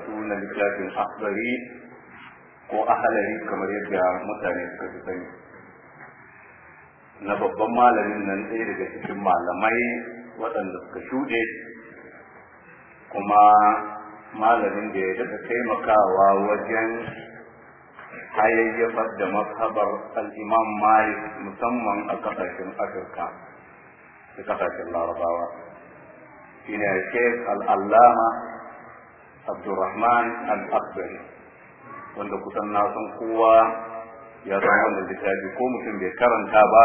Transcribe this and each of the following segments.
karatu na littafin akhbari ko ahalari kamar yadda mutane suka fi sani na babban malamin nan ɗaya daga cikin malamai waɗanda suka shuɗe kuma malamin da ya daɗa taimakawa wajen hayayyafar da mazhabar al'imam malik musamman a ƙasashen afirka da ƙasashen larabawa shine sheikh al'allama abdurrahman al-akbari wanda kusan na san kowa ya san wanda littafi ko mutum bai karanta ba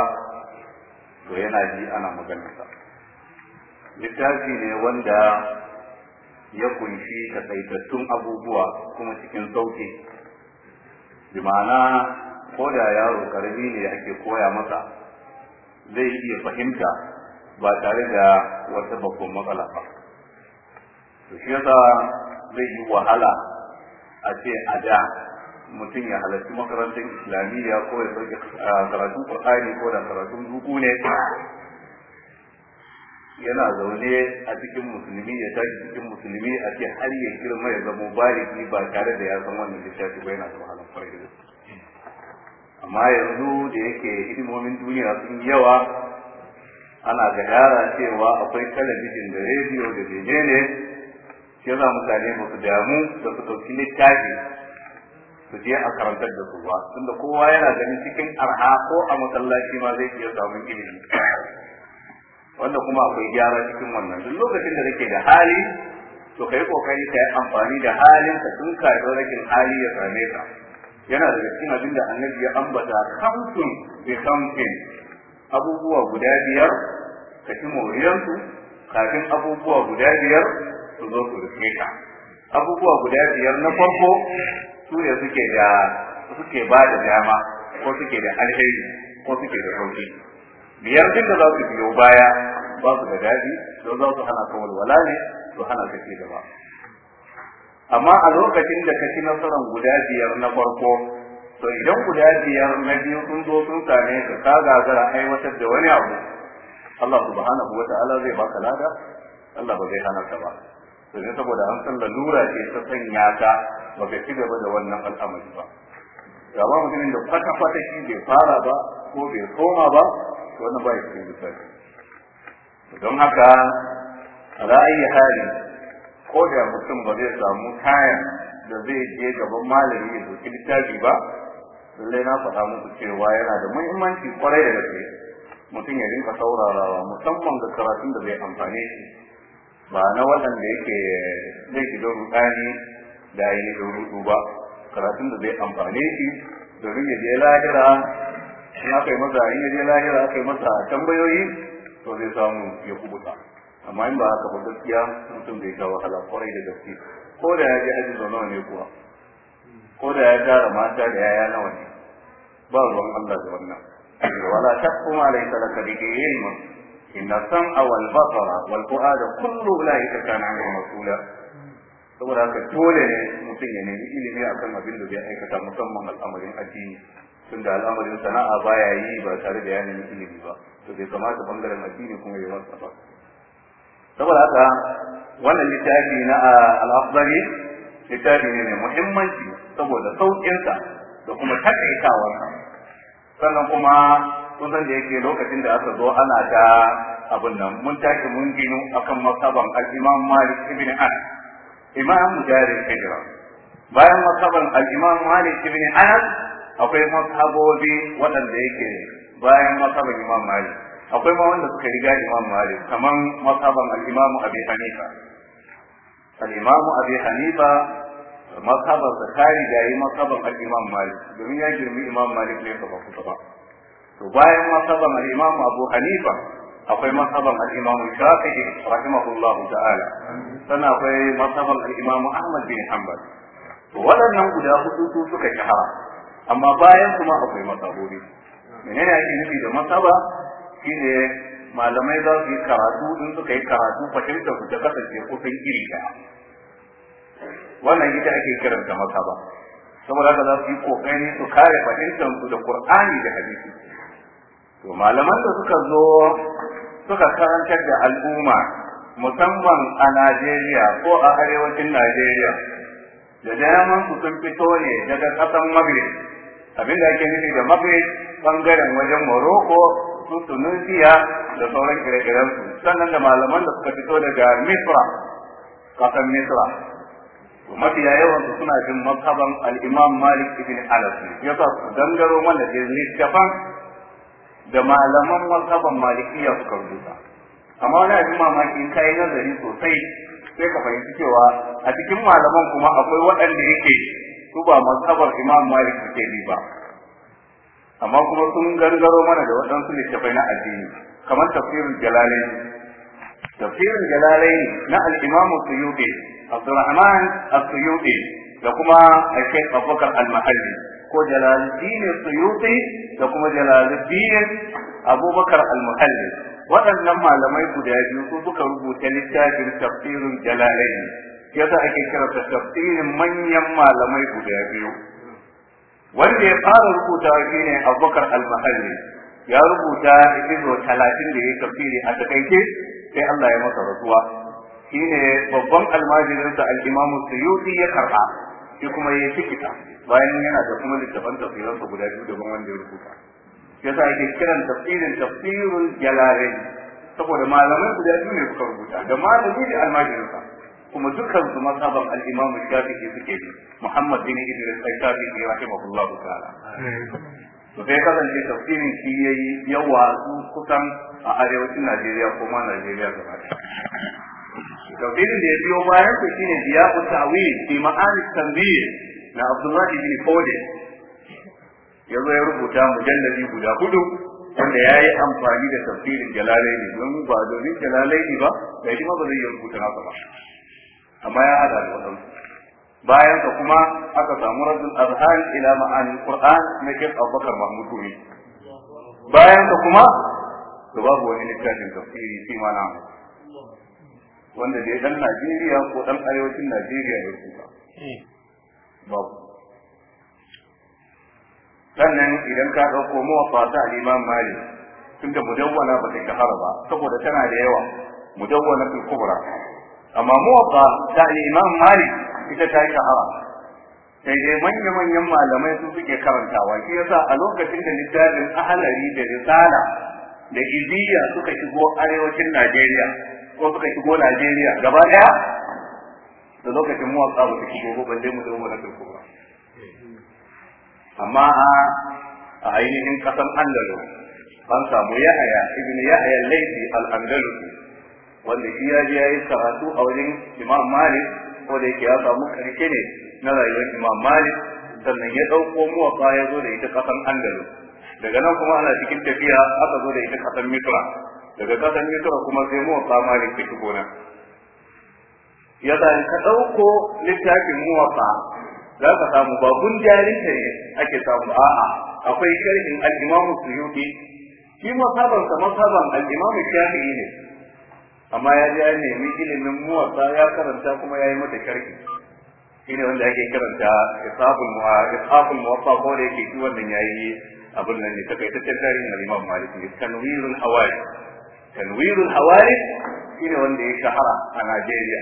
to yana ji ana maganarsa littafi ne wanda ya kunshi takaitattun abubuwa kuma cikin sauƙi bi ma'ana ko da yaro karami ne ake koya masa zai iya fahimta ba tare da wata babban matsala ba to shi yasa zai yi wahala a ce a da mutum ya halarci makarantar islamiyya ko ya sauke karatun qur'ani ko da karatun duku ne yana zaune a cikin musulmi ya tashi cikin musulmi a ce har ya girma ya zama bariki ba tare da ya san wannan littafi ba yana da wahalar farin amma yanzu da yake hidimomin duniya sun yawa ana gagara cewa akwai talabijin da rediyo da menene shi mutane ba su damu da su ɗauki littafi su je a karantar da su ba tunda kowa yana ganin cikin arha ko a masallaci ma zai iya samun ilimi wanda kuma akwai gyara cikin wannan duk lokacin da nake da hali to kai kokari ka yi amfani da halin ka tun ka da rakin hali ya same ka yana da cikin abin da annabi ya ambata kamfin bi kamfin abubuwa guda biyar ka ci kafin abubuwa guda biyar su zo su rufe ka abubuwa guda biyar na farko su ne suke da suke ba da dama ko suke da alheri ko suke da sauki biyar din da za su biyo baya ba su da daɗi don za su hana kawar wala ne su hana ka ci gaba amma a lokacin da ka ci nasarar guda biyar na farko to idan guda biyar na biyu sun zo sun same ka ka gagara aiwatar da wani abu Allah subhanahu wa ta'ala zai baka lada Allah ba zai hana ka ba domin saboda an san lalura ce ta sanya ka baka ci gaba da wannan al'amari ba gaba mutumin da kwata kwata shi bai fara ba ko bai koma ba wannan ba ya cikin lissafi don haka ra'ayi hali ko da mutum ba zai samu kayan da zai je gaban malami ya doki littafi ba lallai na faɗa muku cewa yana da muhimmanci kwarai da gaske mutum ya rinka saurarawa musamman ga karatun da zai amfane shi ba na waɗanda yake zai shiga rudani da da rudu ba karatun da zai amfane shi domin ya je lahira in aka yi masa in ya je lahira aka yi masa tambayoyi to zai samu ya kubuta amma in ba haka ba gaskiya mutum da sha wahala kwarai da gaske ko da ya je aji sau nawa ne kuwa ko da ya tara mata da yaya nawa ne ba ruwan Allah da wannan wala taqum alayka laka bihi ilmun إن السمع والبصر والفؤاد كل أولئك كان عنه مسؤولا saboda haka dole ne mutum ya nemi ilimi akan abin da zai aikata musamman al'amarin addini tunda al'amarin sana'a baya yi ba tare da ya nemi ilimi ba to bai kamata bangaren addini kuma ya masa ba saboda haka wannan littafi na al'afdari littafi ne mai muhimmanci saboda sauƙinsa da kuma takaitawarsa sannan kuma kun san da yake lokacin da aka zo ana da abin nan mun tashi mun gino akan masaban al-Imam Malik ibn Anas Imam Mujahid Hijra bayan masaban al-Imam Malik ibn Anas akwai masabobi waɗanda yake bayan masaban Imam Malik akwai ma wanda suka riga Imam Malik kaman masaban al-Imam Abi Hanifa al-Imam Abi Hanifa masabar da kari da masabar al-Imam Malik domin ya girmi Imam Malik ne ka ba ku ba to bayan masaban al-imam abu hanifa akwai masaban al-imam shafi'i rahimahullahu ta'ala sannan akwai masaban al-imam ahmad bin hanbal to waɗannan guda hudu su suka shahara amma bayan kuma akwai masabobi menene ake nufi da masaba shine malamai za su yi karatu in suka yi karatu fahimta su ta kasance kusan iri ɗaya wannan ita ake kiranta masaba saboda haka za su yi kokari su kare fahimtar su da qur'ani da hadisi to malaman da suka zo suka karantar da al'umma musamman a Najeriya ko a arewacin Najeriya da daman su sun fito ne daga ƙasan Maghrib abin da ake nufi da Maghrib bangaren wajen Morocco su Tunisia da sauran ire su sannan da malaman da suka fito daga Misra ƙasan Misra mafiya yawan su suna bin makaban al-Imam Malik ibn Anas sa su dangaro mana da littafan da malaman mazhaban malikiya suka rubuta amma wani abin mamaki in kai nazari sosai sai ka fahimci cewa a cikin malaman kuma akwai waɗanda yake su ba mazhabar imam malik suke bi ba amma kuma sun gangaro mana da waɗansu littafai na addini kamar tafsirin jalalai tafsirin jalalai na al-imam suyuti abdurrahman as da kuma al-shaykh abubakar al-mahalli ko jalaluddin suyuti da kuma jalaluddin abubakar al waɗannan malamai guda biyu su suka rubuta littafin tafsirin jalalain yasa ake kira tafsirin manyan malamai guda biyu wanda ya fara rubuta ne abubakar al-muhalli ya rubuta izo talatin da ya tafsiri a takaice sai Allah ya masa rasuwa shine babban almajirinsa al-imamu suyuti ya karɓa shi kuma ya yi tikita bayan yana da kuma littafan sa guda biyu daban wanda ya rubuta yasa ake kiran tafsirin tafsirul jalalain saboda malaman guda biyu ne suka rubuta da malami da sa kuma dukkan su masaban al-Imam Shafi'i suke Muhammad bin Idris al-Shafi'i rahimahullah ta'ala to sai san tafsirin shi yayi yawa kusan a arewacin Najeriya ko ma Najeriya gaba ɗaya tafsirin da ya biyo bayan ku shine diyaqu tawi fi ma'ani tanbiyi na Abdullah ibn Fawde ya zo ya rubuta mujalladi guda hudu wanda ya yi amfani da tafsirin jalalaini don ba domin jalalaini ba da shi ma ba zai yi rubuta haka ba amma ya hada da waɗansu bayan ka kuma aka samu raddul azhar ila ma'ani qur'an na shek abubakar mahmud bayan ka kuma to babu wani littafin tafsiri fi ma'ana wanda dai dan Najeriya ko dan arewacin Najeriya ya kuka eh. babu sannan idan ka ɗauko mawafa ta al'imam malik da mudawwana ba ta shahara ba saboda tana da yawa mudawwana fil kubra amma mawafa ta al'imam malik ita ta yi shahara sai dai manya-manyan malamai su suke karantawa shi yasa a lokacin da littafin ahalari da risala da ibiya suka shigo arewacin najeriya ko suka shigo Najeriya gaba daya da lokacin muwatsa ba su shigo ba balle mu zama madarar ba. amma a ainihin kasan Andalus an samu Yahaya ibn Yahaya Laifi al andalusi wanda shi ya je yi karatu a wajen Imam Malik ko da yake ya samu karke ne na rayuwar Imam Malik sannan ya dauko muwatsa ya zo da ita kasan Andalus daga nan kuma ana cikin tafiya aka zo da ita kasan Mitra. daga kasan tura kuma sai mu fama ne ke shigo nan ya zai ka ɗauko littafin muwafa za ka samu babun jarinta ne ake samu a'a akwai sharhin al su suyuti shi masaban sa masaban al-imamu shafi'i ne amma ya ji ya nemi ilimin muwafa ya karanta kuma ya yi mata sharhi shine wanda ake karanta isabul isabul fa ko da yake shi wannan yayi abin nan ne takaitaccen tarihin al-imamu malik ne tanwirul hawari tanwirul hawaris shine wanda ya shahara a Najeriya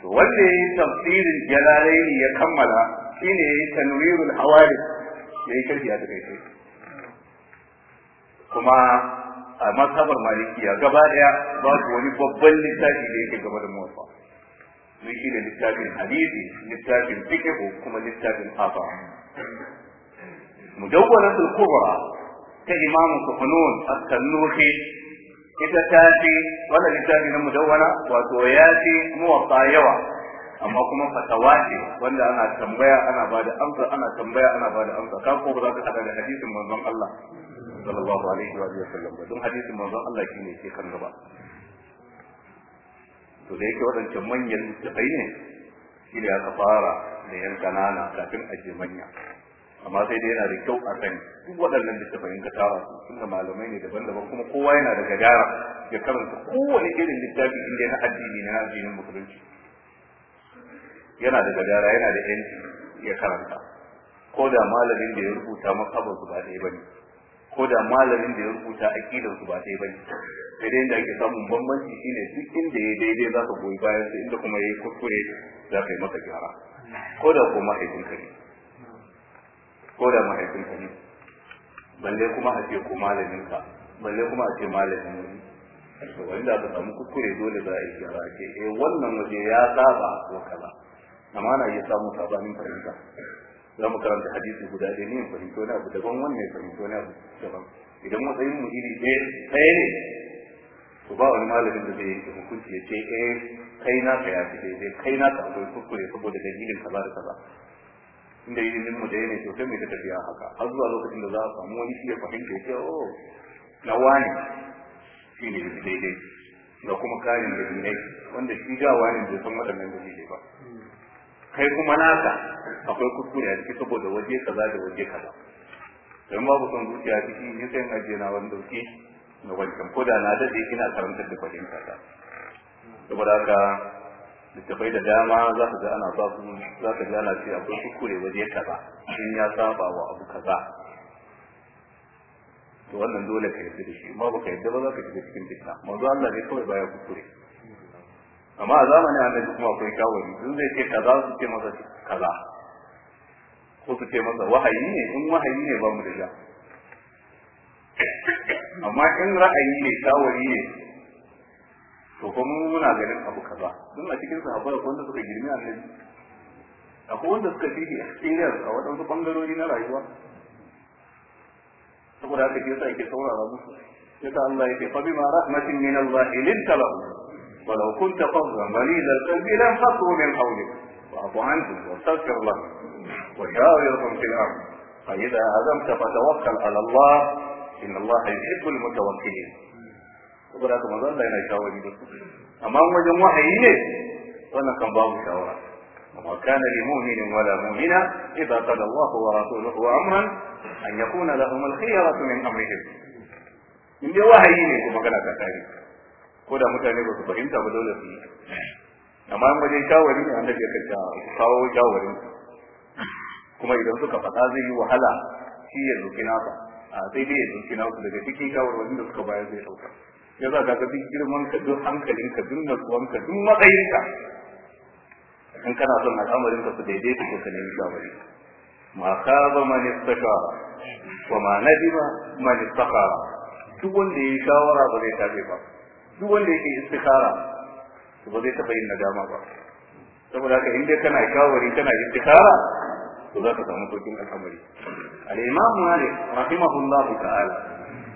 to wanda ya yi tafsirin jalalaini ya kammala shine ya yi tanwirul hawaris ya yi karfi a takaice kuma a masabar malikiya gaba daya ba su wani babban littafi da yake gaba da motsa sun shi ne littafin hadisi littafin fikihu kuma littafin hafa mujawwarat al-kubra ta imam sufanun as-sannuhi ita ta ce wannan littafi na mudawwana wato ya ce muwatta yawa amma kuma fatawa ce wanda ana tambaya ana ba da amsa ana tambaya ana ba da amsa ka ko ba za ka hada da hadisin manzon Allah sallallahu alaihi wa sallam ba don hadisin manzon Allah shine ke kan gaba to da yake waɗancan manyan tabai ne shi ne aka fara da yan kanana kafin a je manya amma sai dai yana da kyau a sani duk waɗannan littafin in ka tara su da malamai ne daban-daban kuma kowa yana da gagara ya karanta kowane irin littafi inda na addini na addinin musulunci yana da gagara yana da yanci ya karanta ko da malamin da ya rubuta makabar su ba ɗaya bane ko da malamin da ya rubuta aqidar su ba ɗaya bane sai dai inda ake samun bambanci shine duk inda ya daidai za ka goyi bayan su inda kuma ya yi kuskure za ka yi masa gyara ko da kuma haifin ka ko da mahaifinka ne balle kuma a ce ko malaminka balle kuma a ce malamin ka to wanda aka samu kuskure dole za a yi gyara ce eh wannan waje ya saba ko kaza amma na iya samu sabanin fahimta za mu karanta hadisi guda ɗaya ne fahimta wani abu daban wannan ya fahimta wani abu daban idan matsayin mu iri ɗaya ɗaya ne to ba wani malamin da zai yi hukunci ya ce eh kai na ka ya fi daidai kai na ka akwai kuskure saboda dalilin kaza da kaza inda yi mu da ne sosai mai tafiya haka har zuwa lokacin da za a samu wani shi ya fahimta ya ce oh na wani shi ne daidai da kuma karin da dinai wanda shi ga wani da san waɗannan da ba kai kuma naka akwai kuskure a ciki saboda waje kaza da waje kaza don babu son zuciya ciki ni sai in ajiye na wani dauki na wancan ko da na daɗe ina karantar da fahimta ta saboda haka littafai da dama za ka ga ana ba su za ka ga ana ce akwai kuskure waje kaza in ya saba wa abu kaza to wannan dole ka yarda da shi ba baka yarda ba za ka shiga cikin fitna manzo Allah ne kawai baya kuskure amma a zamanin annabi kuma akwai kawai duk zai ce kaza su ce masa kaza ko su ce masa wahayi ne in wahayi ne ba mu da ja amma in ra'ayi ne kawari ne to kuma muna ganin abu kaza don a cikin sahabbai akwai wanda suka girmi annabi akwai wanda suka fi experience a waɗansu bangarori na rayuwa saboda haka shi yasa yake saurara musu yasa Allah yake fa bima rahmatin min Allah linta lahu ولو كنت فظا غليظ القلب لانفضوا من حولك واعف عنهم واستغفر لهم وشاورهم في الامر فاذا عزمت فتوكل على الله ان الله يحب المتوكلين saboda haka manzon Allah yana shawari da su amma wajen wahayi ne wannan kan babu shawara وما كان لمؤمن ولا مؤمنة إذا قضى الله ورسوله أمرا أن يكون لهم الخيرة من أمرهم in dai wahayi ne kuma kana ta kare ko da mutane ba su fahimta ba dole su yi amma in wajen shawari ne annabi ya kanta kawo shawarin kuma idan suka faɗa zai yi wahala shi ya duki nasa a sai dai ya duki nasu daga cikin shawarwarin da suka bayar zai sauka ya za ka duk girman ka duk hankalin ka duk natsuwan ka duk matsayin ka in kana son al'amarin ka su daidaita ko ka nemi shawari ma kaba man istashara wa ma nadima man istakhara duk wanda yayi shawara ba zai tabe ba duk wanda yake istikhara ba zai taba yin nadama ba saboda haka in dai kana shawari kana istikhara to za ka samu sauƙin al'amari al-imam malik rahimahullahu ta'ala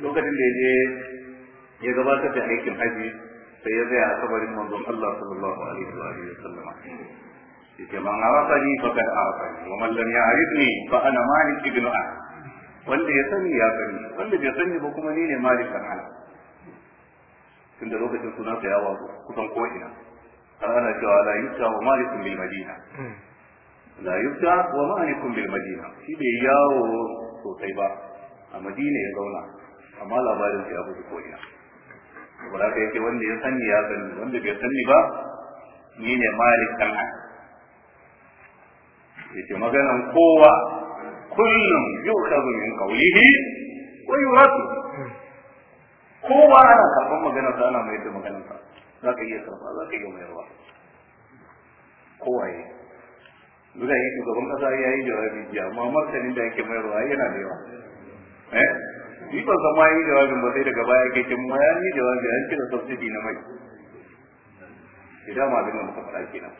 lokacin da ya je ya gabatar da aikin haji sai ya tsaya a kabarin manzon Allah sallallahu alaihi wa alihi wasallam yake man arafani faqad arafani wa man lam ya'rifni fa ana malik ibn anas wanda ya sani ya sani wanda bai sani ba kuma ni ne malik ibn anas tunda lokacin suna sa yawa kusan ko ina har ana cewa la yusha wa malik bil madina hmm. la yusha wa malik bil madina shi bai yawo sosai ba a madina ya zauna amma labarin ya fito ko ina wala ka yake wanda ya sani ya sani wanda bai sani ba ni ne malik dan adam yake maganan kowa kullum zo min qawlihi wa yuratu kowa ana karban maganar sa ana mai da maganar sa zaka iya karba zaka iya mayarwa kowa yi duka yake shugaban kasa ya yi jawabi jiya amma martanin da yake mayarwa yana da yawa eh ni ban san ma yi jawabin ba sai daga baya kai kin ma ya yi jawabi an cire subsidy na mai idan ma abin da muka faɗa kenan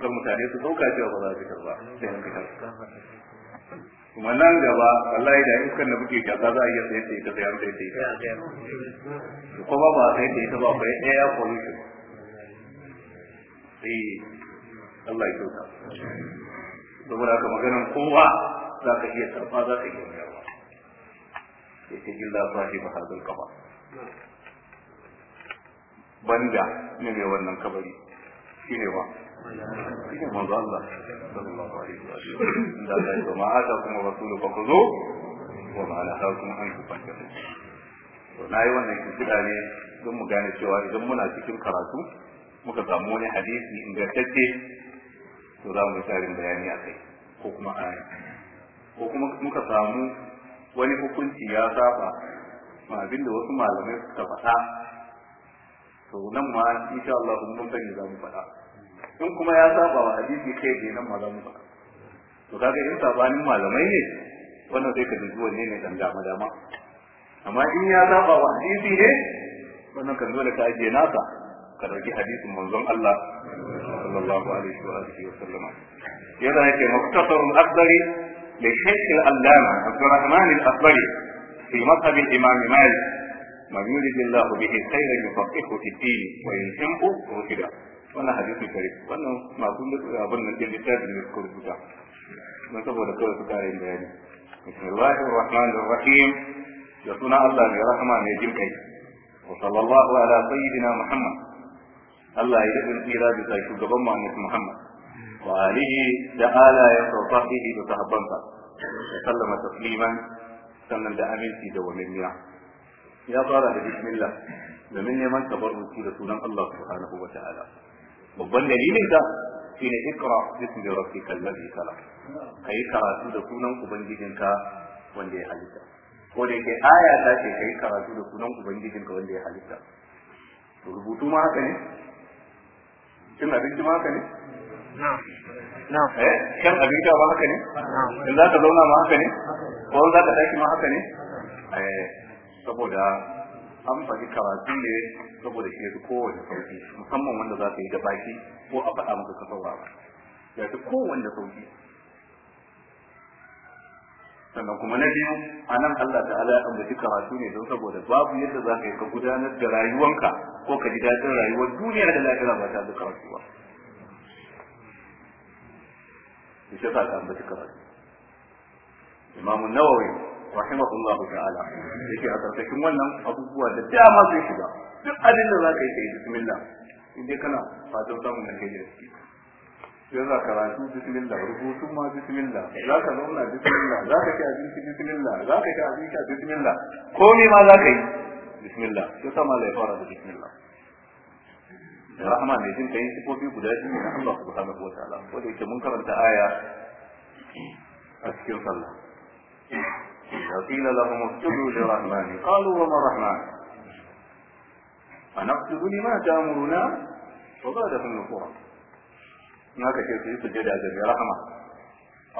kan mutane su dauka cewa ba za su karba sai an fitar kuma nan gaba wallahi da iskan da muke kaza za a iya sai sai ta sai an sai sai kuma ba sai sai ta ba ya air shi sai Allah ya dauka saboda haka maganan kowa za ka iya karba za ka iya yake illa sahiba hadal kafa. banda ne ne wannan kabari shine ba shine manzo Allah sallallahu alaihi wa sallam da dai kuma aka kuma rasulu fa kuzo wa ma la hawkum an tufanta to nayi wannan kida ne don mu gane cewa idan muna cikin karatu muka samu wani hadisi ingantacce to za mu yi bayani akai. ko kuma ayi. ko kuma muka samu wani hukunci ya saba ma abinda da wasu malamai suka faɗa to nan ma insha Allah mun sani za mu faɗa in kuma ya saba wa hadisi kai da nan ma za mu faɗa to kaga in sabanin malamai ne wannan sai ka dubi wanne ne dan dama dama amma in ya saba wa hadisi ne wannan kan dole ka ajiye naka ka dauki hadisin manzon Allah sallallahu alaihi wa alihi wa sallama yana yake muktasarun akbari للشيخ العلامة عبد الرحمن الأصبري في مصحف الإمام مالك من يرد الله به الخير يفقهه في الدين وإن شمه رشدا وأنا حديث شريف وأنا ما أظن أظن أن الكتاب يذكر بتاع ما تبغى ذكر بتاع يعني بسم الله الرحمن الرحيم يصنع الله برحمه يجيب كي وصلى الله على سيدنا محمد الله يجزي الإيراد إلى محمد wa alihi da alayen sahbihi da sahabbansa da sallama tasliman sannan da aminci da walimmiya ya fara da bismillah domin neman tabarruki da sunan Allah subhanahu babban dalilin shine ikra bismi rabbika alladhi khalaq kai karatu da sunan ubangijinka wanda ya halitta ko da yake aya ta karatu da wanda ya halitta rubutu ma ne cin abinci ma ne kan eh? abinda ba haka ne in za ka zauna ma haka ne ko za ka tashi ma haka ne eh, saboda an faɗi karatu ne saboda shi yadda kowane sauki musamman wanda za ka yi da baki ko a faɗa maka kasarwa ba ya fi kowanne sauki sannan kuma na biyu a nan Allah ta'ala ya ambaci karatu ne don saboda babu yadda za ka yi ka gudanar da rayuwanka ko ka ji daɗin rayuwar duniya da lafiya ba ta da karatu ba da shi ka ambaci kamar imamu nawawi rahimahullahu ta'ala yake a karkashin wannan abubuwa da dama zai shiga duk abin da za ka yi kai bismillah in kana fatan samun da kai da ciki sai za ka rasu bismillah rubutu ma bismillah za ka zauna bismillah za ka ci abinci bismillah za ka ci abinci bismillah komai ma za ka yi bismillah sai sama ya fara da bismillah rahama mai jin kai sifofi guda biyu na Allah subhanahu wa ta'ala wanda yake mun karanta aya a cikin sallah إذا قيل لهم اسجدوا للرحمن قالوا وما الرحمن أنقصد لما تأمرنا وزادهم نفورا هناك كيف يسجد هذا رحمة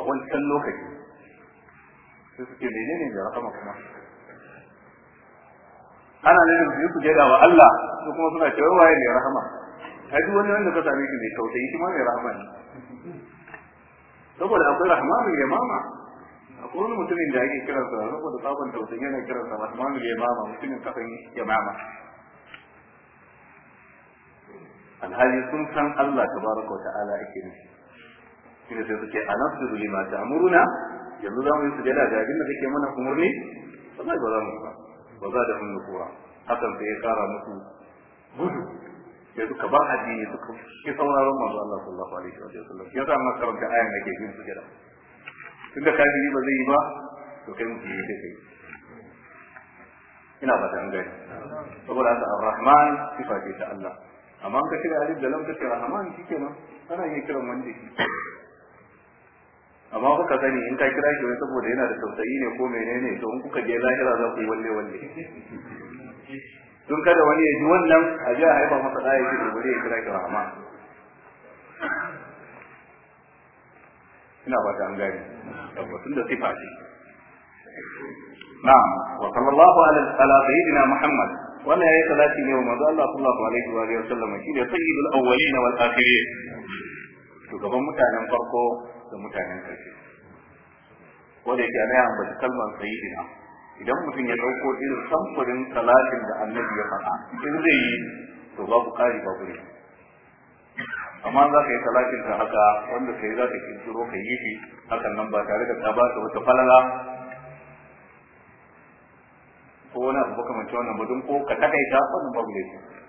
أول Su suke menene da rahama kuma ana nan su yi sujada wa Allah su kuma suna cewa waye ne rahama ai duk wani wanda ka same shi mai tausayi shi ma mai rahama ne saboda akwai rahmanul yamama a wani mutumin da ake kiran kiransa saboda sabon tausayi yana kiransa rahmanul yamama mutumin kafin yamama alhali sun san Allah tabaraka wa ta'ala ake nufi shine sai suke a anabdu lima ta ta'muruna yanzu za mu yi sujada da abin da kake mana umurni wallahi ba za mu ba ba za da hun nufura hakan sai ya kara musu gudu sai suka bar addini suka ki sauraron manzo Allah sallallahu alaihi wa sallam yasa amma karanta ayan da ke jin su gida tunda kafiri ba zai yi ba to kai musulmi sai kai ina ba ta gani saboda haka ar-rahman ta Allah amma ka kira alif da lam ka kira rahman shikenan kana iya kiran wanda shi amma kuka sani in ka kira shi wai saboda yana da tausayi ne ko menene to in kuka je lahira za ku yi walle walle don kada wani ya ji wannan a ji a haifa masa ɗaya ya ce da wani ya kira ki rahama ina ba ta an gani tabbatun da sifa ce na'am wa sallallahu ala sayyidina muhammad wannan yayi salati ne wa manzo Allah sallallahu alaihi wa alihi wasallam shine sayyidul awwalin wal akhirin shugaban mutanen farko da mutanen ƙarshe wanda yake ana yambaci kalmar sayyidina idan mutum ya ɗauko irin samfurin salatin da annabi ya faɗa in zai yi to babu ƙari babu ne amma za ka yi salatin ka haka wanda ka yi za ka kirkiro ka yi shi hakan nan ba tare da ta ba ta wata falala ko wani abu makamancin wannan mutum ko ka takaita wannan babu ne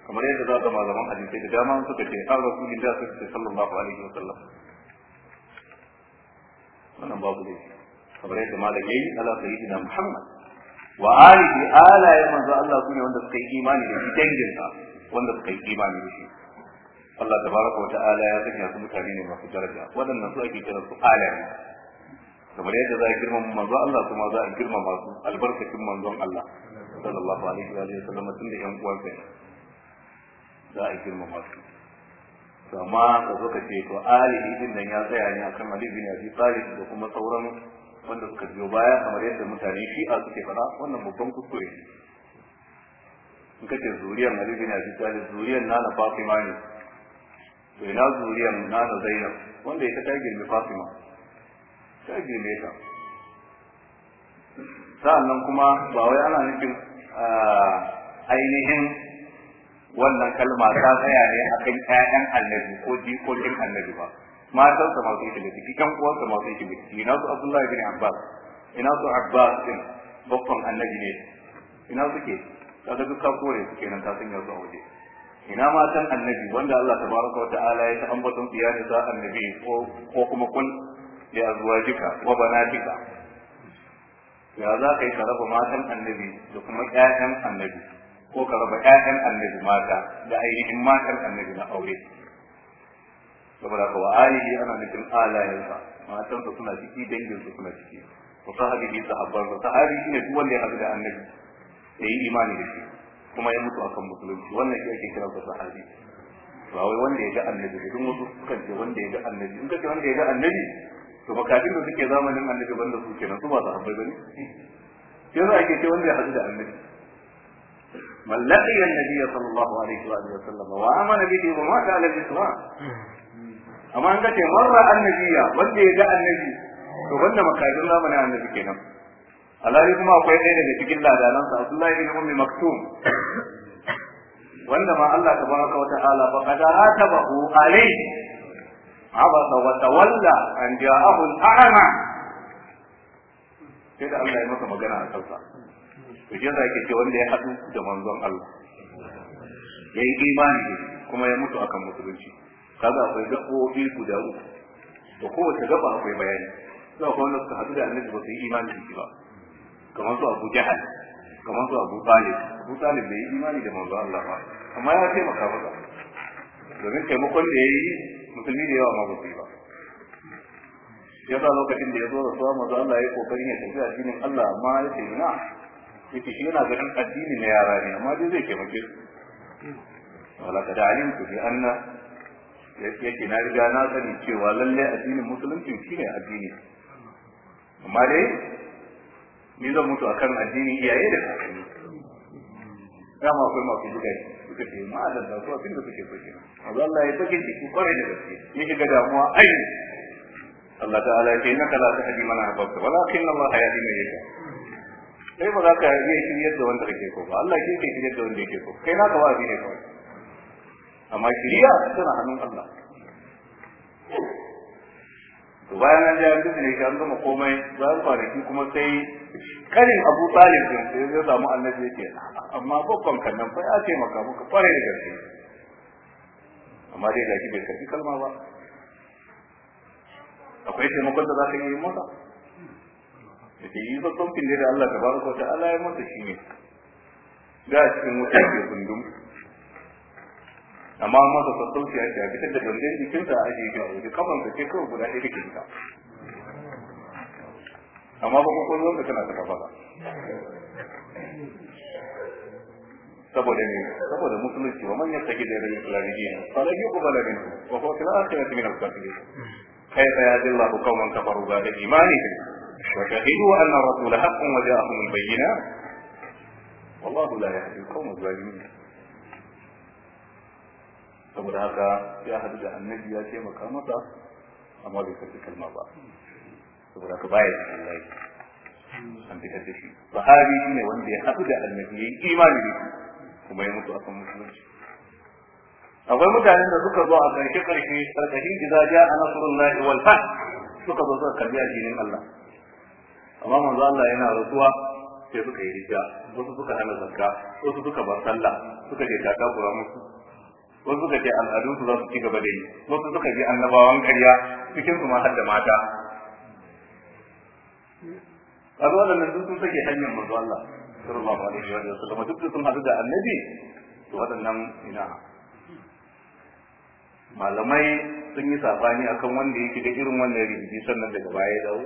kamar yadda za ga zaman hadisai da dama suka ce an rasulillah suka ce sallallahu alaihi wa sallam wannan babu ne kamar yadda malamai ala sayyidina muhammad wa alihi alayen manzo Allah sune wanda suka yi imani da shi danginsa wanda suka yi imani da shi Allah tabaraka wa ta'ala ya sanya su mutane ne masu daraja waɗannan su ake kira su alayen kamar yadda za a girma manzo Allah kuma za a girma masu albarkacin manzon Allah sallallahu alaihi wa sallam tun da yan uwansa ne za a girma masu amma ka zo ka ce to alihi din nan ya tsaya ne akan Ali bin Abi Talib da kuma sauran wanda suka biyo baya kamar yadda mutane shi a suke fara wannan babban kuskure in ka ce zuriyar na bin Abi Talib zuriyar na Fatima ne to ina zuriyar na Zainab wanda ita ta girme Fatima ta girme ta sa'annan kuma ba wai ana nufin ainihin wannan kalma ta tsaya ne a kan ƴaƴan annabi ko jikokin annabi ba Matan sa sun shiga ciki kan uwansa sa sun shiga ciki ina su abdullahi bin abbas ina su abbas din babban annabi ne ina suke kaga duk ka kore su kenan ta sanya yau a waje ina matan annabi wanda Allah tabaraka wa ta'ala ya ta ambaton iyali za annabi ko ko kuma kun li azwajika wa banatika ya za ka yi ka raba matan annabi da kuma ƴaƴan annabi ko ka raba ƴaƴan annabi mata da ainihin matan annabi na aure saboda ka wa alihi ana nufin alayensa matansa suna ciki danginsa suna ciki wa sahabihi sahabban sa sahabi shine duk wanda ya haɗu da annabi ya yi imani da shi kuma ya mutu akan musulunci wannan shi ake kiransa sahabi ba wai wanda ya ga annabi da wasu sukan ce wanda ya ga annabi in ka ce wanda ya ga annabi to bakatun da suke zamanin annabi banda su kenan su ba sahabbai bane sai za a ke ce wanda ya haɗu da annabi من لقي النبي صلى الله عليه واله وسلم وامن به ومات على الاسلام amma an kace marra annabiya wanda ya ga annabi to wanda makajin zamanin annabi kenan alhali kuma akwai ɗaya daga cikin ladanansa Abdullahi bin Ummi Maktum wanda ma Allah tabaraka wata'ala fa qadara tabahu alayhi abasa wa walla an ja'ahu al-a'ma sai da Allah ya masa magana a kansa to shi yasa yake ce wanda ya haɗu da manzon Allah ya yi imani kuma ya mutu akan musulunci kaga akwai dabbobi guda uku da kowace gaba akwai bayani zuwa kuma wanda suka haɗu da annabi ba su yi imani da shi ba kamar su abu jahal kamar su abu talib abu talib bai yi imani da manzo Allah ba amma ya taimaka masa domin taimakon da ya yi musulmi da yawa ma ba su yi ba ya sa lokacin da ya zo da suwa manzo Allah ya yi kokarin ya tafi addinin Allah amma ya ce na yake shi yana ganin addini na yara ne amma dai zai taimake su ولقد علمت بأن yake na riga na sani cewa lalle addinin musulunci shine addini amma dai ni zan mutu akan addinin iyaye da kakanni ma akwai masu buga shi suka ce ma'adar da su abin da suke so kenan abu Allah ya sake jiki kwarai da gaske ya shiga damuwa ai Allah ta'ala ya ce na kala ta hadi mana habbaka walakin Allah ya mai yake kai ba za ka iya shiryar da wanda kake ko ba Allah ke ke shiryar da wanda yake ko kai na ka wa'azi ne kawai amma shiriya tana hannun Allah to bayan an jiya duk ne an gama komai za su ki kuma sai karin Abu Talib din sai ya samu annabi yake amma babban kannan fa ya ce maka muka kware da gaske amma dai ki bai karbi kalma ba akwai taimakon da za ka yi mota? da ke yi babban finde da Allah ta tabaraka ta Allah ya mota shi ne ga cikin wuta ke gundum amma masa sassauci ake a fitar da gangan jikinsa a ajiye shi a waje kafan sa ce kawai guda ɗaya take fita amma ba kwakwalwar da tana ta kafa saboda ne saboda musulunci wa manyan ta gidan da islami ne fara yi ku bala min wa ko kila akhira min al-kafir kai fa yadillahu qauman kafaru ba da imani wa shahidu anna rasul haqqun wa ja'ahum al-bayyina wallahu la yahdi al-qawm al-zalimin saboda haka ya hadu da annabi ya taimaka masa amma bai karɓi kalma ba saboda haka baya cikin rai an fi da shi sahabi ne wanda ya haɗu da annabi ya yi imani da shi kuma ya mutu akan musulunci akwai mutanen da suka zo a ƙarshe ƙarshe ƙarƙashin giza a a nasurullahi wal fath suka zo suka karbi addinin Allah amma manzo Allah yana rasuwa sai suka yi rija wasu suka hana zakka wasu suka bar sallah suka je kaka kura musu wasu suka ce al'adu su za su ci gaba da yi wasu suka ji annabawan ƙarya cikin su ma har da mata kaga waɗannan duk sun sake hanyar manzo Allah sallallahu alaihi wa sallam duk sun hadu da annabi to waɗannan ina malamai sun yi sabani akan wanda yake da irin wannan rigidi sannan daga baya ya dawo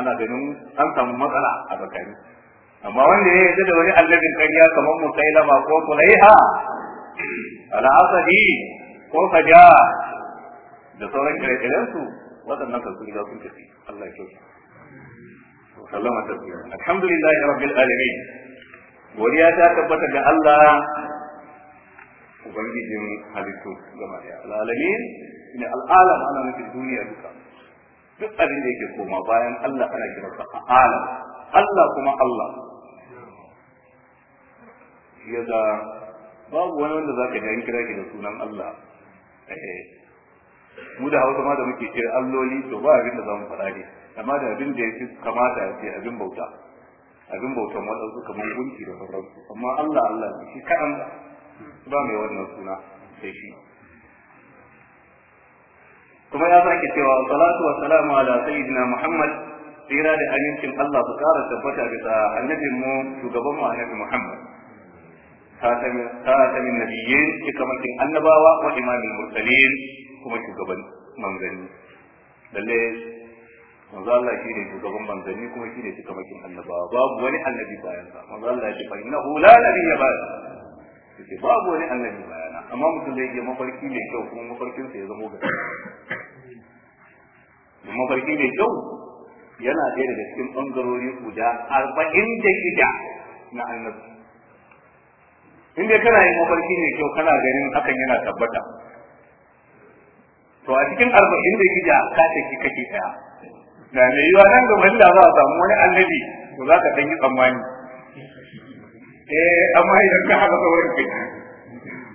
ana ganin an samu matsala a tsakani amma wanda ya yarda da wani annabin ƙarya kamar musailama ko kulaiha al'asadi ko kaja da sauran kire-kirensu waɗannan kan za su tafi Allah ya kyauta sallama tafiya alhamdulillahi rabbil alamin godiya ta tabbata ga Allah ubangijin halittu gaba daya alalamin shine al'alam ana nufin duniya duka duk abin da yake koma bayan Allah ana kiransa alam Allah kuma Allah ya babu wani wanda zaka ji an kira ki da sunan Allah eh. mu da hausa ma da muke kira alloli to ba abin da mu faɗa ne amma da abin da yake kamata ya ce abin bauta abin bautan waɗansu kamar gunki da sauransu amma Allah Allah shi kaɗan ba mai wannan suna sai shi kuma ya sake cewa salatu wa salamu ala sayyidina Muhammad tsira da amincin Allah su ƙara tabbata bisa annabin mu shugaban mu annabi Muhammad خاتم خاتم النبيين كمان تين النبوة وإمام المرسلين كم شجبان مانزني دلش مازال لا يكيد شجبان مانزني كم يكيد كمان تين النبوة باب ولا النبي بيانا مازال لا يكيد إنه لا نبي بيانا باب ولا النبي بيانا أما مسلمي يوم فريقين يجوا كم يوم فريقين تيزموا كذا يوم فريقين يجوا ينادي لك كم أنجروري وجا أربعين تيجا نعم in dai kana yin mafarki ne kyau kana ganin hakan yana tabbata to a cikin arba'in da gida ka ki kake daya da mai yiwa nan da wani da za a samu wani annabi to za ka ɗan yi tsammani eh amma idan ka haɗa sauran ke.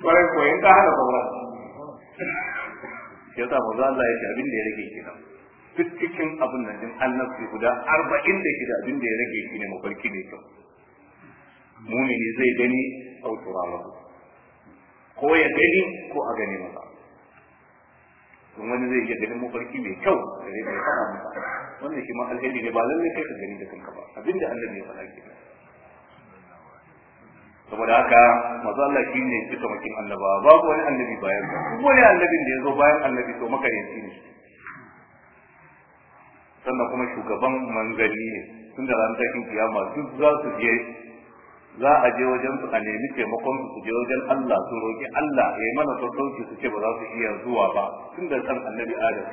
kwarai ko in ka haɗa sauran ya mu mazu Allah ya ce abin da ya rage kenan duk cikin abin nan din annabi guda arba'in da gida abin da ya rage ki ne mafarki ne kyau mumini zai gani aw turabahu ko ya gani ko a gane masa don wani zai iya ganin mafarki mai kyau da zai bai fara masa wannan shi ma alheri ne ba lallai kai ka gani da kanka ba abinda annabi ya faɗa kenan saboda haka maza Allah shi ne suka makin annaba babu wani annabi bayan sa duk wani annabin da ya zo bayan annabi to makayanci ne sannan kuma shugaban manzanni ne tun da ran takin kiyama duk za su je za a je wajen su a nemi taimakon su je wajen Allah su roki Allah ya yi mana sassauci su ce ba za su iya zuwa ba tun da san annabi Adam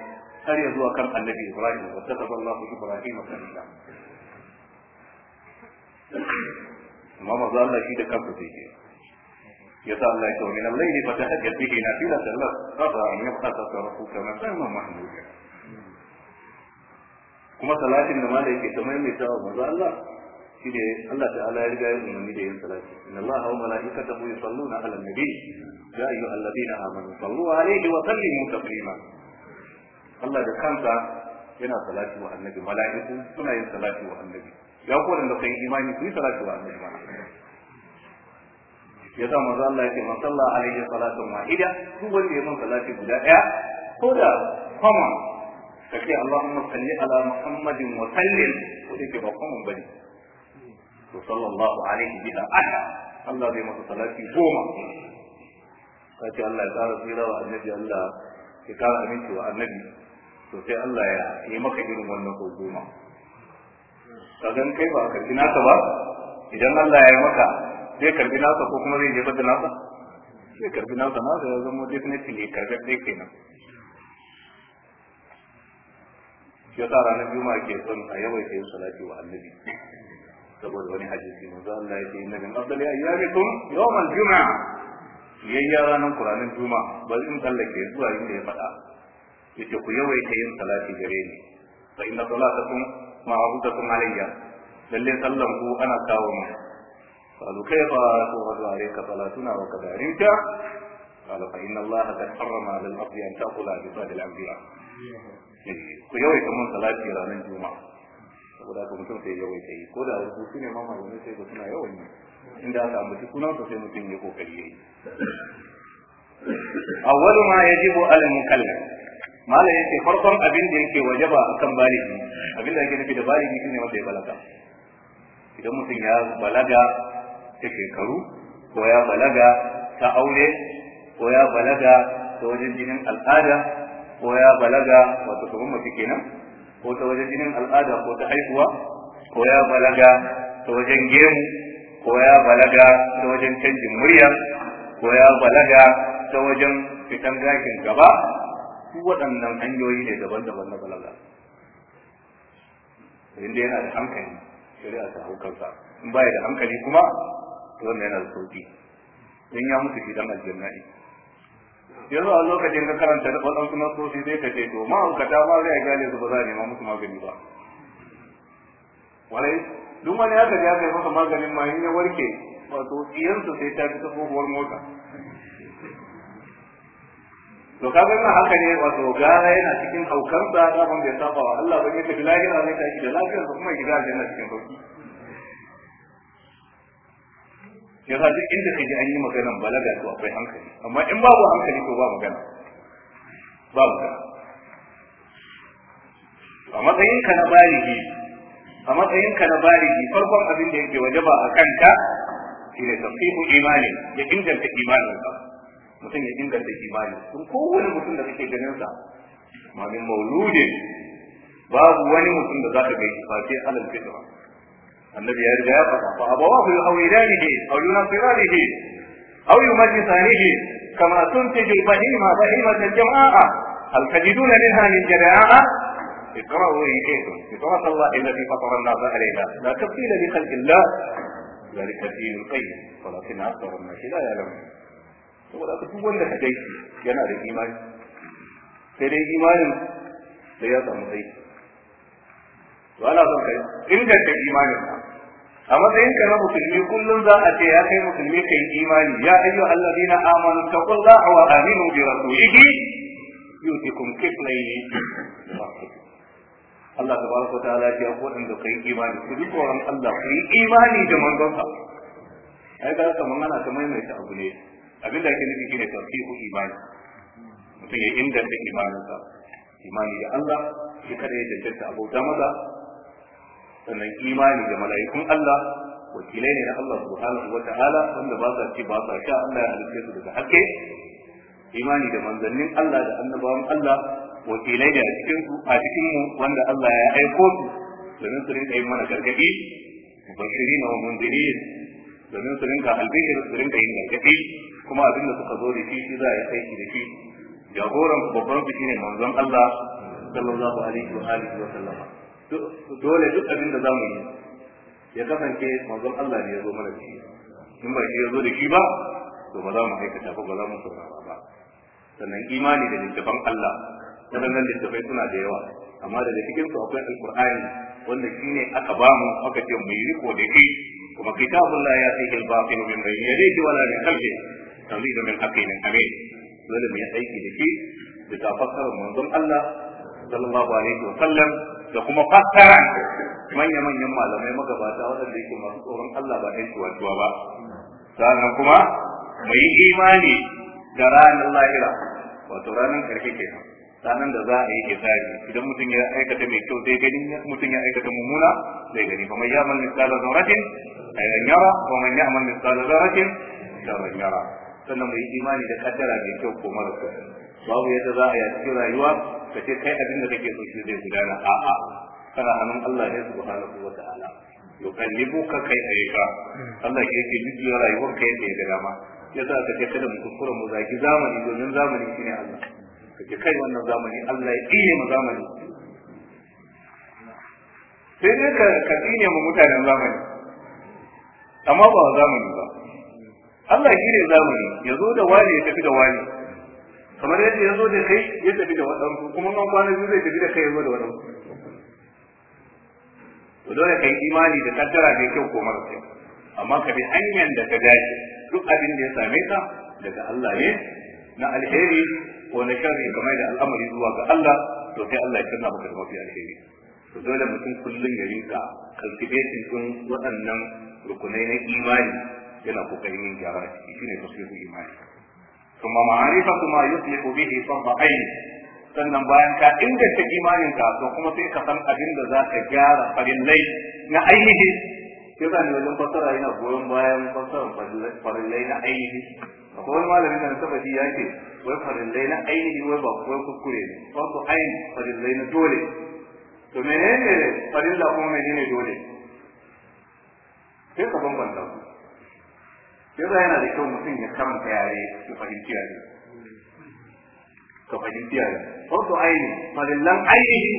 har ya zuwa kan annabi Ibrahim wa ta taɓa Allah su Ibrahim a kansa. Amma maza Allah shi da kansa sai ke. Ya sa Allah ya ce wani minan ne fa ta hajjar bihi na fila da Allah rasa an yi fata ta rafu kamar sai ma mahmuda. Kuma salatin da malai ke ta maimaita wa maza Allah shine Allah ta'ala ya riga ya umarni da yin salati inna Allah wa mala'ikatahu yusalluna 'ala an-nabi ya ayyuhalladhina amanu sallu 'alaihi wa sallimu taslima Allah da kansa yana salati wa annabi mala'iku suna yin salati wa annabi ya ku da kai imani ku yi salati wa annabi mana ya sa manzo Allah ya ce man salla alaihi salatu wahida duk wanda ya man salati guda daya ko da kwama kake Allahumma salli ala Muhammadin wa sallim ko da ke ba kwaman bane to sallallahu alaihi bila ahad Allah zai masa salati goma kace Allah ya kara tsira wa annabi Allah ya kara aminci wa annabi to sai Allah ya yi maka irin wannan ko goma kagan kai ba ka ta ba idan Allah ya yi maka zai karbi nasa ko kuma zai jefa da nasa zai karbi nasa ma da ya zama definitely ne karbi kenan ya sa ranar juma'a ke son a yawaita yin salati wa annabi saboda wani hadisi manzo Allah yake inna min afdali ayyamikum yawmal jumu'a yayya ranar Qur'anin juma'a bari in sallake zuwa inda ya faɗa yace ku yawaita yin salati gare ni fa inna salatakum ma'budatun alayya lalle sallan ku ana kawo mu قالوا كيف تغض عليك صلاتنا وكذلك قال فإن الله قد حرم على الأرض أن تأكل أجساد الأنبياء ku yawaita mun salati ranar juma'a ko da mutum sai yawai ta yi ko da rubutu ne ma malamai sai suna yawan yi inda aka ambaci suna sa sai mutum ya kokari yayi awwalu ma yajibu al mukallaf mala ce farkon abin da yake wajaba akan baligi abin da yake nufi da baligi shine wanda ya balaga idan mutum ya balaga ta shekaru ko ya balaga ta aure ko ya balaga ta wajen jinin al'ada ko ya balaga wato kamar mace kenan ko ta wajen jinin al'ada ko ta haihuwa ko ya balaga ta wajen gemu ko ya balaga ta wajen canjin murya ko ya balaga ta wajen fitan gashin gaba su waɗannan hanyoyi ne daban-daban na balaga inda yana da hankali shari'a ta haukarsa in baya da hankali kuma wannan yana da sauki in ya mutu shi dan aljanna ne yanzu a lokacin ka karanta da wadansu nasoshi sai ka ce to ta ma zai gane su ba za a nema musu magani ba walai duk wani haka aka yi masa maganin ma in ya warke wato tsiyansu sai ta fi tsohuwar mota to ka gani haka ne wato gara yana cikin haukar da ya bai saba wa Allah ba ne tafi lahira zai tashi da lafiyarsa kuma ya gida yana cikin sauki ya sa duk inda kaji an yi maganan balaga to akwai hankali amma in babu hankali to ba magana ba magana a matsayin ka na baligi a matsayin ka na baligi farkon abin da yake wajaba a kanta, kanka shine tasfihu imani ya inganta imaninka mutum ya inganta imani sun kowane mutum da kake ganin sa ma min mauludin babu wani mutum da za ka gaishe face alal fitra الذي يرجع يقطع فأبواه يهويلانه أو ينصرانه أو يمجسانه كما تنتج البهيمة بهيمة الجماعة هل تجدون منها من جماعة اقرأوا إن فطرة الله التي فطر الناس عليها لا تبديل لخلق الله ذلك الدين القيم ولكن أكثر الناس لا يعلمون ولا duk wanda ka gai yana da imani sai dai imanin sai ya إن جد إيمان الله a matsayin ka na musulmi kullum za a ce ya kai musulmi kai imani ya ayyu allazina amanu ta, za taqullaha wa aminu bi rasulihi yutikum kiflaini Allah tabaraka wa ta'ala ya ku da kai imani ku ji tsoron Allah ku yi imani da manzon sa ai da haka mun ana ta maimaita abu ne abin da ake nufi shine tawfiqu imani mutum ya inganta imaninsa imani da Allah ya kada ya cancanta abota maza. sannan imani da mala'ikun Allah wakilai ne na Allah subhanahu wa ta'ala wanda ba sa ci ba sa sha Allah ya halitta su daga hakke imani da manzannin Allah da annabawan Allah wakilai da a cikin su a cikin mu wanda Allah ya aiko su domin su rinka yi mana gargadi bashirin wa mundirin domin su rinka albishir su rinka yin gargadi kuma abin da suka zo da shi shi za a yi aiki da shi jagoran babban su ne manzon Allah sallallahu alaihi wa alihi wa sallama dole duk abin da zamu yi ya kasance manzon Allah ne ya zo mana shi in ba shi ya zo da shi ba to ba za mu aikata ba ba za mu saurara ba sannan imani da littafan Allah nan littafai suna da yawa amma daga cikin su akwai alqur'ani wanda shine aka ba mu aka ce mu yi riko da shi kuma kitabun la ya sayyid al-batil min bayni yadayhi wala min khalfi tawlidu min haqqin amin dole mu yi aiki da shi da fassara manzon Allah sallallahu alaihi wa sallam da kuma fassara manya-manyan malamai magabata waɗanda yake masu tsoron Allah ba ɗan ciwa ba sannan kuma mai imani da ranar lahira wato ranar karfe ke sanan da za a yi kisari idan mutum ya aikata mai kyau zai gani mutum ya aikata mummuna zai gani kuma ya man misala misqala dharratin khayran yara ko man misala misqala da ran yara sannan mai imani da kaddara mai kyau ko mara kyau babu yadda za a yi cikin rayuwa ka ce kai abin da kake so shi zai gudana a'a kana hannun Allah ne subhanahu wa ta'ala yuqallibuka kai ayyuka Allah ke yake jujjuya rayuwar kai yadda ya ga dama yasa ka ce kada mu kuskura mu zaki zamani domin zamani shine Allah ce kai wannan zamani Allah ya iya mu zamani sai dai ka ka tsine mu mutanen zamani amma ba zamani ba Allah shi ne zamani ya zo da wani ya tafi da wani kamar yadda ya zo da kai ya tafi da waɗansu kuma an kwana biyu zai tafi da kai ya zo da waɗansu to dole kai imani da kaddara da kyau ko mara kyau amma ka bi hanyar da ka dace duk abin da ya same ka daga Allah ne na alheri ko na sharri kamar da al'amari zuwa ga Allah to sai Allah ya canza maka da mafi alheri to dole mutum kullum ya rinka cultivating din waɗannan rukunai na imani yana kokarin yin gyara ciki shine tasirin imani ثم معرفة ما يصلح به صرف عين sannan bayan ka inganta imaninka to kuma sai ka san abin da za ka gyara farillai na ainihi sai ka ne wajen fassara yana goyon bayan fassarar farillai na ainihi akwai wani malamin da na taba ji yake wai farillai na ainihi wai ba wai kuskure ne farko aini farillai na dole to menene farilla kuma menene dole sai ka bambanta yanzu yana da kyau mutum ya karanta yare su fahimci yare su fahimci yare farko aini farillan ainihi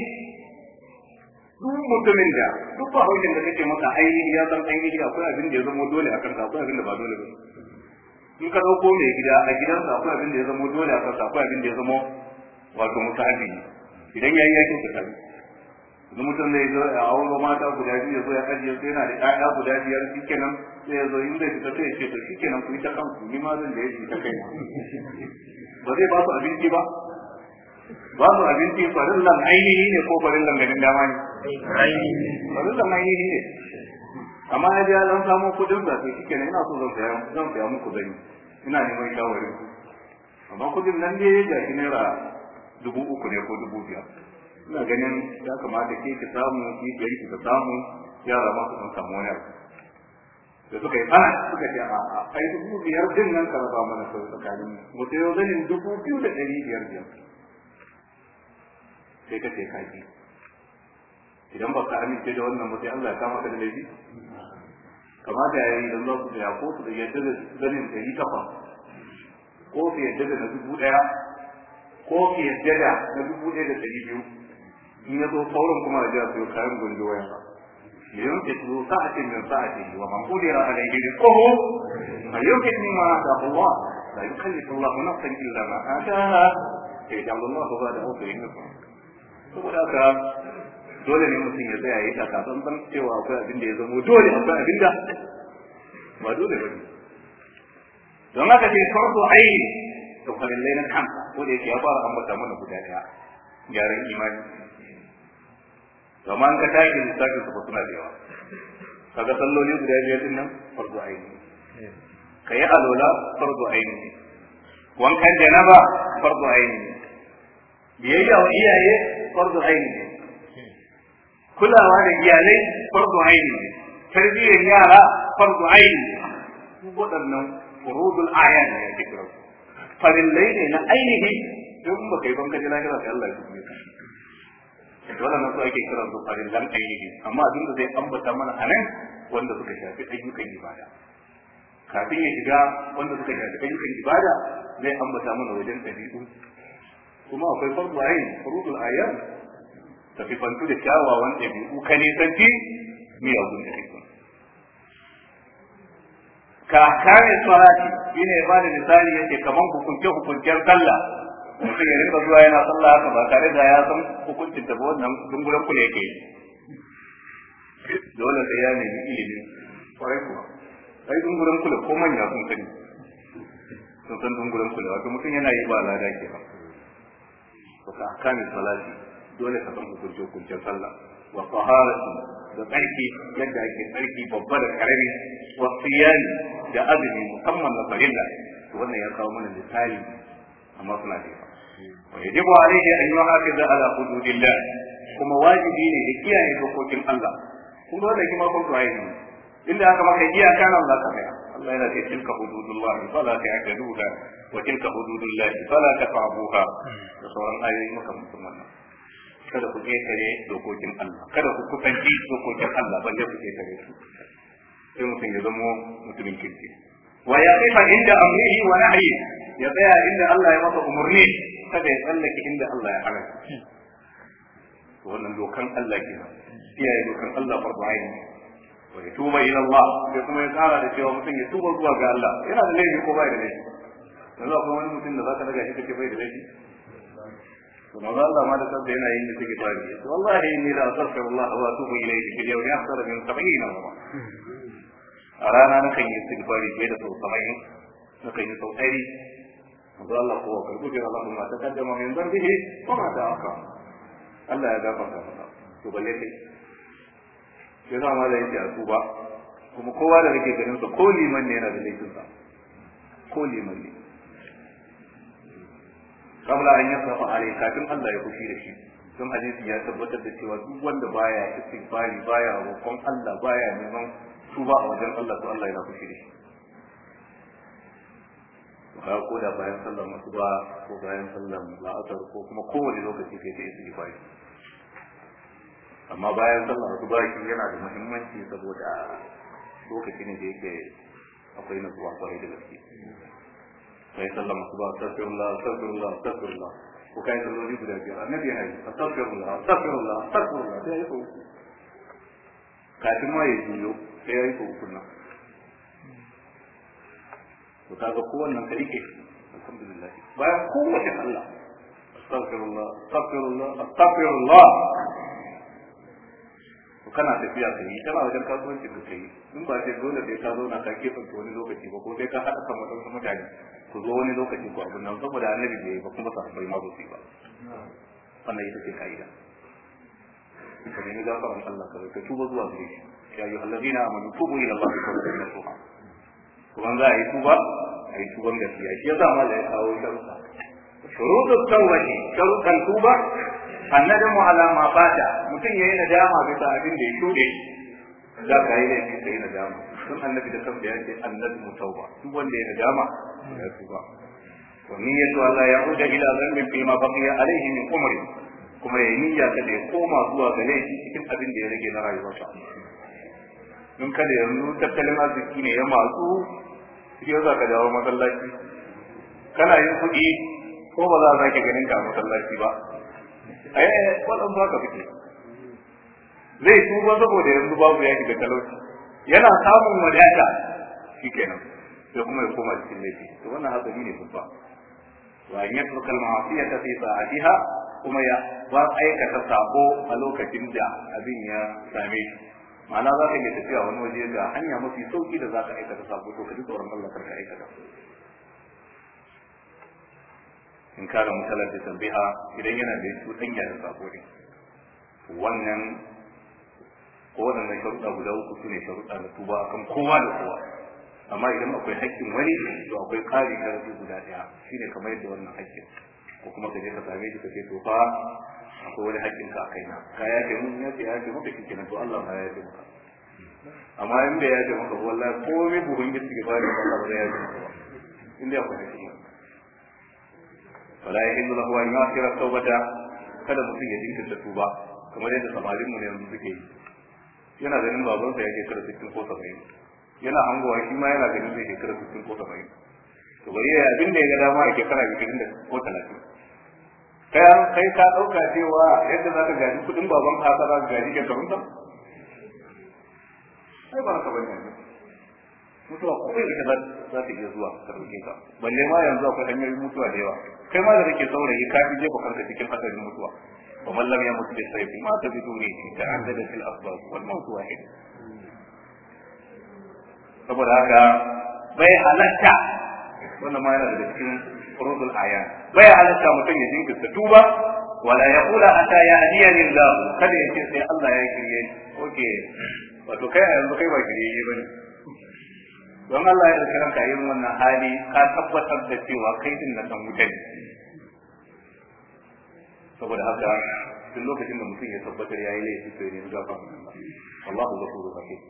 duk mutumin da duk fahimcin da kake masa ainihi ya san ainihi akwai abin da ya zama dole a kansa akwai abin da ba dole ba in ka ɗauko mai gida a gidansa akwai abin da ya zama dole a kansa akwai abin da ya zama wato musahabi idan ya yi yakin ka tabi yanzu mutum da ya zo a auro mata guda biyu ya zo ya ajiye su yana da ɗaya guda biyar shi kenan sai ya zo inda ce to shi kenan ku yi ta kanku ni ma zan da ya ta kai ba zai ba su abinci ainihi ne ko ganin dama ne ainihi ne amma ya ji an samu kudin ina so zan saya zan saya muku ina neman amma kudin nan ya naira dubu uku ne ko dubu biyar ina ganin ya kamata ke ki samu ki ki samu yara ma su samu wani da suka yi ba suka ce a a kai dubu biyar din nan ka raba mana sau tsakanin mu sai yau zanin dubu biyu da ɗari biyar biyar sai ka ce ka ji idan ba ka amince da wannan mutai Allah ya kama ka da laifi kamata ya yi idan za su ya ko su yadda da zanin yi kafa ko su yadda da na dubu ɗaya ko su yadda da na dubu ɗaya da ɗari biyu in ya zo sauran kuma da jiya su yi kayan gundu wayan ba لينفق ذو سعة من سعته ومن قدر عليه رزقه فلينفق مما آتاه الله لا يكلف الله نفسا إلا ما آتاها يجعل الله بعد عسر يسرا saboda dole ne mutum ya tsaya ya taka tsantsan cewa akwai abin da ya zamo dole akwai abin da ba dole ba ne don haka dai farko ai to farillai na kan ko da yake ya fara ambata mana guda daya gyaran imani kuma an ka tashi lissafin su ba suna da yawa kaga salloli guda biyar din nan fardu aini yi alola fardu aini wankan janaba fardu aini biyayya wa iyaye fardu aini kulawa da iyalai fardu aini tarbiyyar yara fardu aini waɗannan furudul aya ne ake kira farillai ne na ainihi don kai yi bankaji lahira sai Allah ya kuma wannan su ake kiran su farillan ainihi amma abin da zai ambata mana a nan wanda suka shafi ayyukan ibada kafin ya shiga wanda suka shafi ayyukan ibada zai ambata mana wajen ɗabi'u kuma akwai farko ayin furudul ayyan tafi fantu da kyawawan ɗabi'u ka nisanci da ɗabi'u ka kare salati shine ba da misali yake kaman hukunce hukuncen sallah mutum ya rinka zuwa yana sallah haka ba tare da ya san hukuncin ta ba wannan dungulan ku ne yake dole sai ya nemi ilimi kwarai kuwa ai dungulan kula ko manya sun sani sun san dungulan kula wato mutum yana yi ba lada ke ba to ka kame salati dole ka san hukuncin hukuncin sallah wa taharatu da tsarki yadda ake tsarki babba da karami wa siyani da azumi musamman na farilla to wannan ya kawo mana misali amma suna da yawa ويجب عليه أن يحافظ على حدود الله kuma wajibi ne ya kiyaye dokokin Allah kun dole ki ma kun tsaye inda aka maka iyaka nan za ka tsaya Allah yana ce tilka hududullah fala ta'taduha wa tilka hududullah fala tafabuha kada ku kare dokokin Allah kada ku kusanci dokokin Allah balle ku kare su sai mutum ya zamo mutumin kirki wa yaqifa inda amrihi wa nahyihi ya tsaya inda Allah ya masa umarni kada ya tsallake inda Allah ya hana to wannan dokan Allah kenan iyaye dokan Allah farko ayin wa yatuba ila Allah sai kuma ya kara da cewa mutum ya tuba zuwa ga Allah yana da laifi ko bai da laifi yanzu akwai wani mutum da zaka daga shi kake bai da laifi to maza Allah ma da kansa yana yin da take fari to wallahi inni la astaghfirullah wa atubu ilayhi fil yawmi akthar min 70 marra a rana nakan yi istighfari fiye da sau 70 nakan yi sau 100 Abdullah Allah ko wa karbu jira Allah ma taqaddama min dhanbihi ko ma aka Allah ya gafarta maka to balle ke sai ma da yake su ba kuma kowa da nake ganin sa ko liman ne yana da laifin sa ko liman ne kamla an fa alai kafin Allah ya kufi da shi don hadisi ya tabbatar da cewa duk wanda baya istighfari baya roƙon Allah baya neman tuba a wajen Allah to Allah yana kufi da shi ba ko da bayan sallar ba ko bayan sallar la'asar ko kuma kowane lokaci kai ta isi gifari amma bayan sallar masuba shi yana da muhimmanci saboda lokaci ne da yake akwai nutsuwa kwarai da gaske sai sallar masuba astaghfirullah astaghfirullah astaghfirullah ko kai salloli guda biyar annabi ya yi astaghfirullah astaghfirullah astaghfirullah sai ya yi kafin ma ya juyo sai ya yi kokunna to kaga kowannan ka rike alhamdulillah bayan kowace Allah astaghfirullah astaghfirullah astaghfirullah to kana tafiya ka yi kana wajen kasuwanci ka kai in ba sai dole sai ka zauna ka kefa wani lokaci ba ko sai ka haɗa kan waɗansu mutane ku zo wani lokaci ku abin nan saboda annabi bai yi ba kuma sahabbai bai mazo su ba wannan ita ce ka'ida ka nemi gafaran Allah ka ka tuba zuwa gare shi ya ayyuhallazina amanu tubu ila Allah wa tubu nasuha kuma za a yi tuba a yi tuban gaskiya shi yasa ma da ya kawo sharuɗa tauba tawbati sharuɗan tuba annadamu ala ma bata. mutum yayi nadama bisa abin da ya shuɗe za ka yi laifi ka yi nadama sun annabi da kansa ya ce mu tauba duk wanda ya nadama ya tuba ya wa niyyatu ya huda ila dhanbin fi ma baqiya alaihi min umri kuma ya niyya ta da ya koma zuwa ga laifi cikin abin da ya rage na rayuwarsa in kada yanzu tattalin arziki ne ya matsu shi za ka dawo masallaci kana yin kuɗi ko ba za a sake ganin ka masallaci ba yi wadan za ka fice zai tuba saboda yanzu babu ya shiga talauci yana samun wadata shi kenan sai kuma ya koma cikin laifi to wannan hatsari ne babba wa yatsu kalma al ta fi sa'atiha kuma ya ba aikata sako a lokacin da abin ya same shi ma'ana za ka iya tafiya wani waje ga hanya mafi sauki da za ka aikata sabo to ka ji tsoron Allah ka aikata in kana mutalar da tambaya idan yana da cuɗanya da sabo ne wannan waɗannan sharuɗa guda uku su ne sharuɗa na tuba kan kowa da kowa amma idan akwai haƙƙin wani to akwai ƙari rufe guda ɗaya shine kamar yadda wannan haƙƙin ko kuma ka je ka same shi ka ce to akwai wani hakkin ka kai na ka ya ce mun ya ce ya ce maka kike na to Allah ma ya ce maka amma in da ya ce maka wallahi komai buhun gishi ba bari Allah ba ya ce maka in da akwai shi fala yahillu lahu an yakhira tawbata kada mutum ya da tuba kamar yadda samarin mu ne yanzu suke yi yana ganin sa ya shekara 60 ko sabai yana hangowa shi ma yana ganin zai shekara 60 ko sabai to bari ya abin da ya ga dama ya shekara 20 ko talatin. kai an kai ka dauka cewa yadda za ka gaji kudin baban ka za ka gaji ke karunta sai ba ka bane mutuwa ko kai ka za ta iya zuwa ka dauke ka balle ma yanzu akwai hanyoyin mutuwa da yawa kai ma da kake saurayi ka fi jefa kanka cikin hadarin mutuwa ومن لم يمت بالسيف ما تبدونه تعددت الاسباب والموت واحد saboda haka bai halatta wannan ma yana da cikin furudul ayan baya halatta mutum ya jinkirta ba? wala yaqula hatta ya'diyani Allah kada ya ce sai Allah ya kirye ni okay wato kai a yanzu kai ba kirye bane don Allah ya dauki ranka yin wannan hali ka tabbatar da cewa kai din na san wuta saboda haka duk lokacin da mutum ya tabbatar yayi laifi to ya nemi gafara Allah ghafurur rahim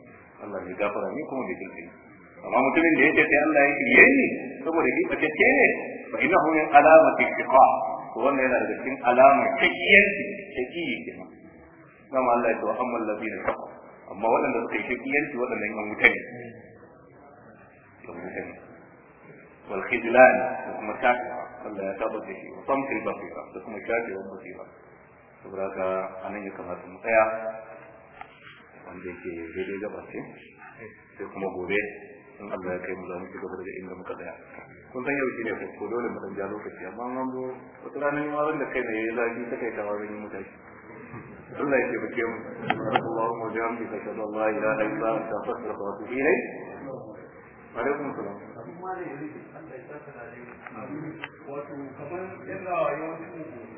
Allah ne gafara ne kuma bai kirkai amma mutumin da yake sai Allah ya shirye ni saboda shi bace ce ne fa innahu to wannan yana daga cikin alamar takiyyar takiyyi kenan kama Allah ya amman ladina amma suka yi yan kuma gobe in Allah ya kai mu za mu shiga daga inda muka tsaya kun san yau shi ne ko dole mu dan ja lokaci amma an zo wata ranar ma wanda kai ne ya zafi ta kai kawai zan yi mutashi Allah ya taimake mu Allahumma jami bi shada Allah ila illa anta astaghfiruka wa atubu ilayk alaikum salam wato kamar yadda yawancin